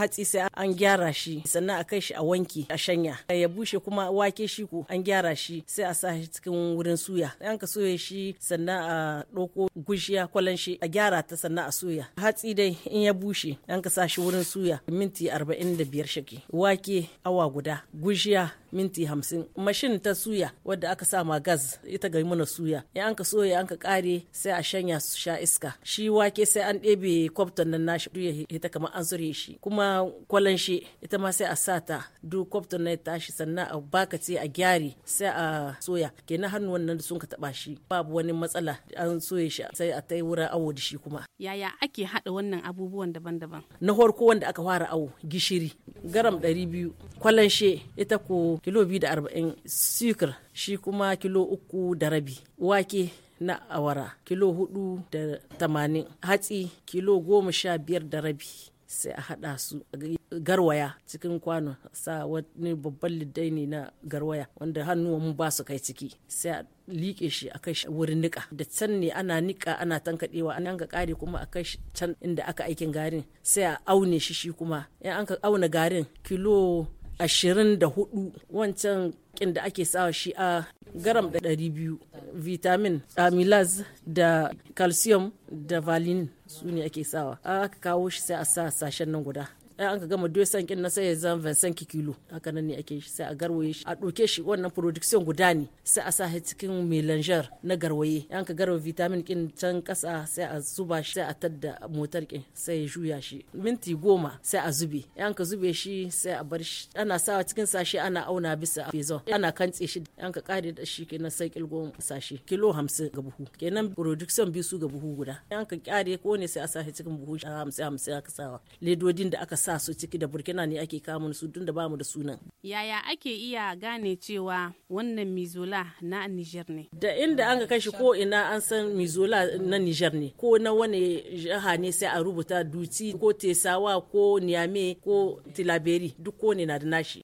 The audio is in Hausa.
hatsi sai an gyara shi sannan a kai shi a wanki a shanya ya bushe kuma wake shi ko an gyara shi sai a sa shi cikin wurin suya an ka soya shi sannan a ɗauko gushiya kwalan shi a gyara ta sannan a soya hatsi dai in ya bushe an ka sa shi wurin suya minti arba'in da biyar shaki wake awa guda gushiya minti hamsin mashin ta suya wadda aka sa ma gas ita ga mana suya in an ka soya an ka kare sai a shanya su sha iska shi wake sai an ɗebe kwabtan nan nashi ya ita kamar an zure shi kuma kwalan shi ita ma sai a sa ta duk kwabtan nan tashi sannan a baka ce a gyare sai a soya Ke na hannu wannan da sun ka taba shi babu wani matsala an soya shi sai a tai wurin awo da shi kuma yaya ake hada wannan abubuwan daban-daban na farko wanda aka fara awo gishiri garam 200 kwalan shi ita ko kilo biyu da arba'in sikir shi kuma kilo uku da rabi wake na awara kilo hudu da tamanin hatsi kilo goma sha biyar da rabi sai a haɗa su garwaya cikin kwano sa wani babban liddai ne na garwaya wanda hannuwan ba su kai ciki sai a liƙe shi a kai wurin niƙa da can ne ana niƙa ana tankaɗewa an ga ƙari kuma a kai can inda aka aikin garin sai a aune shi shi kuma in an ka auna garin kilo 24 wancan kin da ake sawa shi a garam da 200 vitamin amylase da calcium da valine su ne ake sawa aka kawo shi sai a sa sashen nan guda in an ka gama dosan kin na sai ya zan Vincent kilo haka nan ne ake shi sai a garwaye shi a doke shi wannan production guda ne sai a sa shi cikin melanger na garwaye in ka garwa vitamin kin can kasa sai a zuba shi sai a tadda motar kin sai ya juya shi minti goma sai a zube in ka zube shi sai a bar shi ana sawa cikin sashi ana auna bisa fezo ana kantse shi in ka kare da shi kenan sai kilgo sashi kilo hamsin ga buhu kenan production biyu su ga buhu guda in ka kare ko ne sai a sa shi cikin buhu hamsin 50 aka sawa ledodin da aka sa sa su ciki da burkina ne ake kamun su tun da bamu da sunan yaya ake iya gane cewa wannan mizola na niger ne da inda an ga kashi ko ina an san mizola na niger ne ko na wani jiha ne sai a rubuta duci ko tesawa ko niyame ko tilaberi duk ko ne na da nashi